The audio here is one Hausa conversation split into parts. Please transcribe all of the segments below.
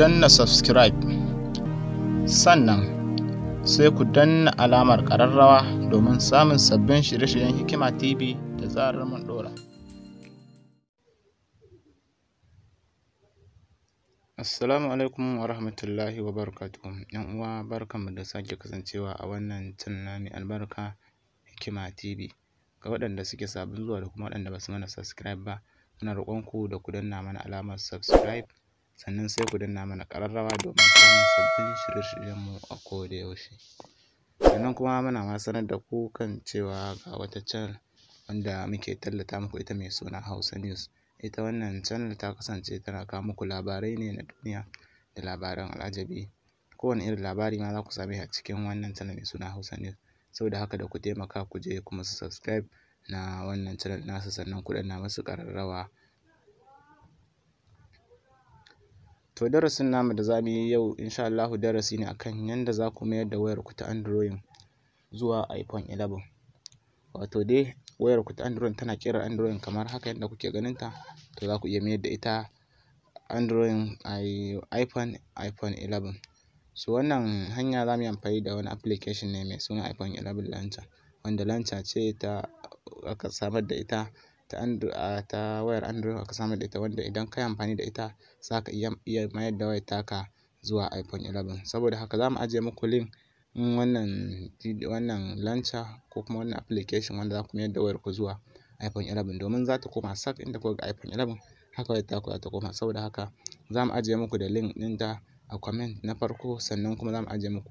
danna subscribe sannan sai ku danna alamar ƙararrawa domin samun sabbin shirye-shiryen hikima tv da zarar mun dora assalamu alaikum wa rahmatullahi wa barakatuhu yan uwa barkan mu da sake kasancewa a wannan tunani albarka hikima tv ga waɗanda suke sabbin zuwa da kuma waɗanda ba su mana subscribe ba muna ku da ku danna mana alamar subscribe sannan sai ku danna mana ƙararrawa domin samun sabbin shirye-shiryenmu a koda yaushe sannan kuma muna ma sanar da ku kan cewa ga wata can wanda muke tallata muku ita mai suna Hausa News ita wannan channel ta kasance tana kawo muku labarai ne na duniya da labaran al'ajabi kowane irin labari ma za ku same a cikin wannan channel mai suna Hausa News saboda haka da ku taimaka ku je kuma su subscribe na wannan channel nasu sannan ku danna musu ƙararrawa to darasin namu da za mu yi yau insha Allah darasi ne akan yadda za ku mayar da wayarku ta Android zuwa iPhone 11 wato dai wayar ku ta Android tana kira Android kamar haka yadda kuke ganin ta to za ku iya mayar da ita Android iPhone iPhone 11 so wannan hanya za mu yi amfani da wani application ne mai suna iPhone 11 Launcher wanda Launcher ce ta aka samar da ita ta ta wayar Android aka samar da ita wanda idan ka amfani da ita zaka iya iya mayar da wayar taka zuwa iPhone 11 saboda haka za mu ajiye muku link in wannan wannan launcher ko kuma wannan application wanda za ku mayar da wayar ku zuwa iPhone 11 domin za ta koma sak inda kuka ga iPhone 11 haka wayar taku za ta koma saboda haka za mu ajiye muku da link ɗinta a comment na farko sannan kuma za mu ajiye muku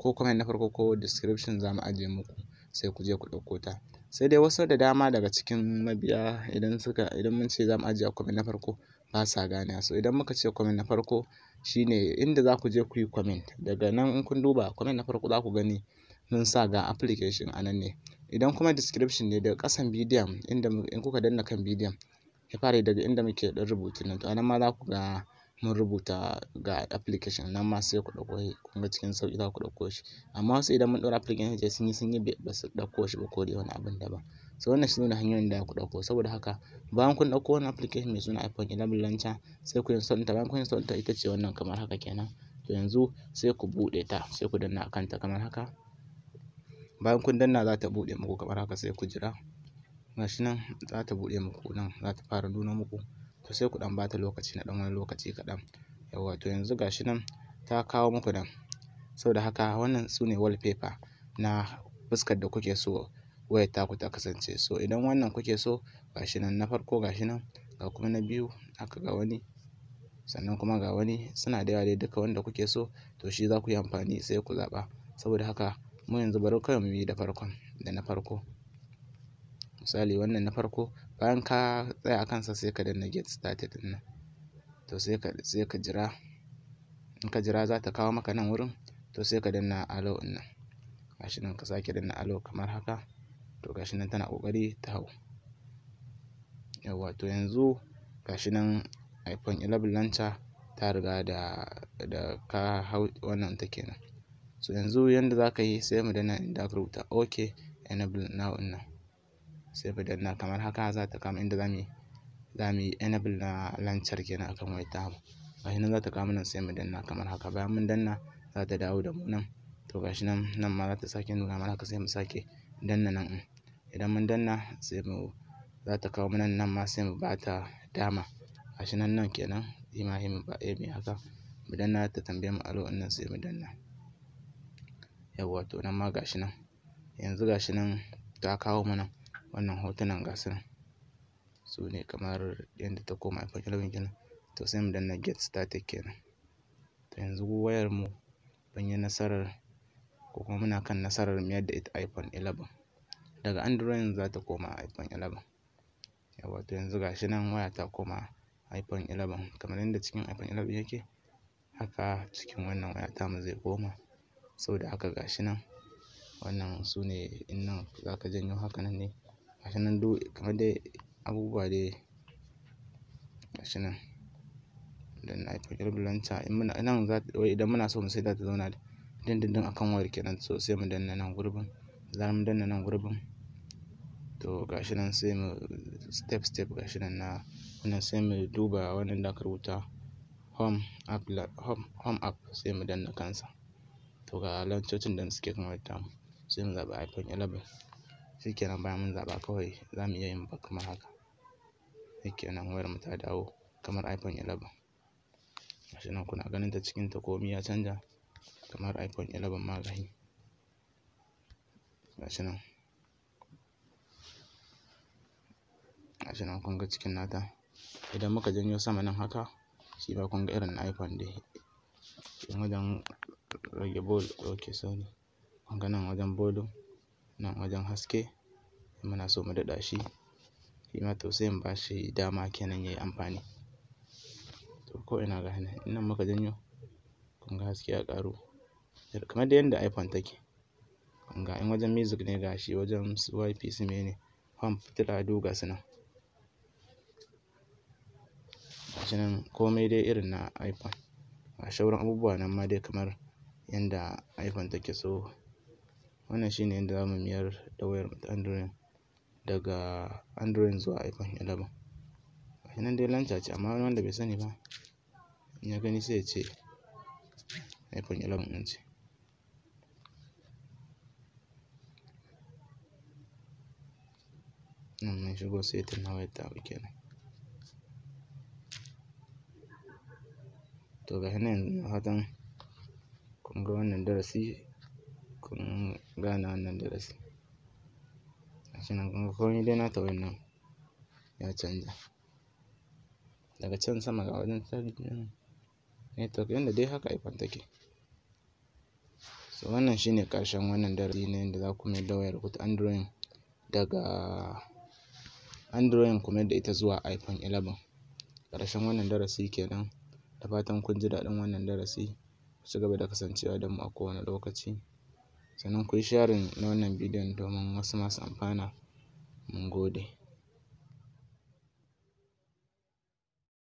ko comment na farko ko description za mu ajiye muku sai ku je ku ɗauko ta sai dai wasu da dama daga cikin mabiya idan suka idan mun ce za mu ajiye comment na farko ba sa gane so idan muka ce comment na farko shine inda za ku je ku yi comment daga nan in kun duba comment na farko za ku gani mun sa ga application a nan ne idan kuma description ne daga kasan bidiyon inda in kuka danna kan bidiyon ya fara daga inda muke dan rubutu nan to anan ma za ku ga mun rubuta ga application nan ma sai ku dauko shi kun ga cikin sauki za ku dauko shi amma wasu idan mun dora application je sun yi sun yi ba su dauko shi ba ko dai wani abin daban so wannan shi ne hanyoyin da ku dauko saboda haka bayan kun dauko wannan application mai suna iPhone 11 lanta sai ku install ta bayan kun install ta ita ce wannan kamar haka kenan to yanzu sai ku bude ta sai ku danna akan ta kamar haka bayan kun danna za ta buɗe muku kamar haka sai ku jira gashi nan za ta buɗe muku nan za ta fara nuna muku to sai ku ɗan bata lokaci na ɗan wani lokaci kaɗan yawwa to yanzu gashi nan ta kawo muku nan saboda haka wannan sune ne wallpaper na fuskar da kuke so wayar taku ta kasance so idan wannan kuke so gashi nan na farko gashi nan ga kuma na biyu haka ga wani sannan kuma ga wani suna da yawa dai duka wanda kuke so to shi za ku yi amfani sai ku zaɓa saboda haka mu yanzu bari kawai mu yi da farkon da na farko misali wannan na farko bayan ka tsaya a kansa sai ka danna get started din nan to sai ka sai ka jira in ka jira za ta kawo maka nan wurin to sai ka danna allow din nan gashi nan ka sake danna allow kamar haka to gashi nan tana kokari ta hau yawa to yanzu gashi nan iphone 11 launcher ta riga da da ka hau wannan ta kenan so yanzu yanda za ka yi sai mu danna inda ka rubuta ok enable now din nan sai mu danna kamar haka za ta kama inda za mu za mu yi enable na lancar kenan akan wayar tamu gashi nan za ta kama nan sai mu danna kamar haka bayan mun danna za ta dawo da mu nan to gashi nan nan ma za ta sake nuna mana haka sai mu sake danna nan in idan mun danna sai mu za ta kawo mana nan ma sai mu ba ta dama gashi nan nan kenan shi ma sai mu ba eh haka mu danna ta tambaye mu alo nan sai mu danna yawwa to nan ma gashi nan yanzu gashi nan ta kawo mu nan wannan hotunan gasu su ne kamar yadda ta koma iphone 11 kenan to sai mu danna get started kenan to yanzu wayar mu ban yi nasarar ko kuma muna kan nasarar mayar da ita iphone 11 daga android za ta koma iphone 11 yawa to yanzu gashi nan waya ta koma iphone 11 kamar yadda cikin iphone 11 yake haka cikin wannan waya mu zai koma saboda haka gashi nan wannan su ne in nan za ka janyo haka nan ne gashi nan duk kamar dai abubuwa dai gashi nan dan alfitar bulanta in muna nan za ta idan muna so mu sai ta zauna dindindin akan wayar kenan so sai mu danna nan gurbin za mu danna nan gurbin to gashi nan sai mu step step gashi nan na wannan sai mu duba wannan da aka rubuta home app home home app sai mu danna kansa to ga lancocin da suke kan wayar mu sai mu zaɓi iPhone 11 shikenan bayan mun zaɓa kawai za mu iya yin ba kamar haka shikenan wayar mu ta dawo kamar iPhone 11 gashi nan kuna ganin ta cikin ta komai ya canja kamar iPhone 11 ma gashi gashi nan gashi nan kun ga cikin nata idan muka janyo sama nan haka shi ba kun ga irin na iPhone dai wajen rage bol ok sorry kun ga nan wajen bolo. nan wajen haske muna so mu daɗa shi shi ma to sai mu ba shi dama kenan ya yi amfani to ko ina ga nan in nan muka janyo kun ga haske ya ƙaru kamar da yadda iphone take kun ga in wajen music ne ga shi wajen wifi su mene fan fitila duk ga su nan gashi nan komai dai irin na iphone a shauran abubuwa nan ma dai kamar yadda iphone take so Wannan shi ne yadda za mu miyar da wayar mu ta Android daga Android zuwa iPhone 11. Gashi nan dai lanta ce amma wani wanda bai sani ba in ya gani sai ya ce iPhone 11 ɗin ce. Nan mai shigo sai setting na wayar ta tawa nan To gashi nan yanzu na fatan kun ga wannan darasi. kun gane wannan darasi gashi nan komai dai nata wannan ya canza daga can sama ga wajen sarkin network yadda dai haka iphone take so wannan shine ƙarshen wannan darasi ne yadda za ku mai da wayar android daga android da ita zuwa iphone 11 karshen wannan darasi kenan da fatan kun ji daɗin wannan darasi ku ci gaba da kasancewa da mu a kowane lokaci sannan ku yi sharing na wannan bidiyon domin wasu masu amfana. Mun gode.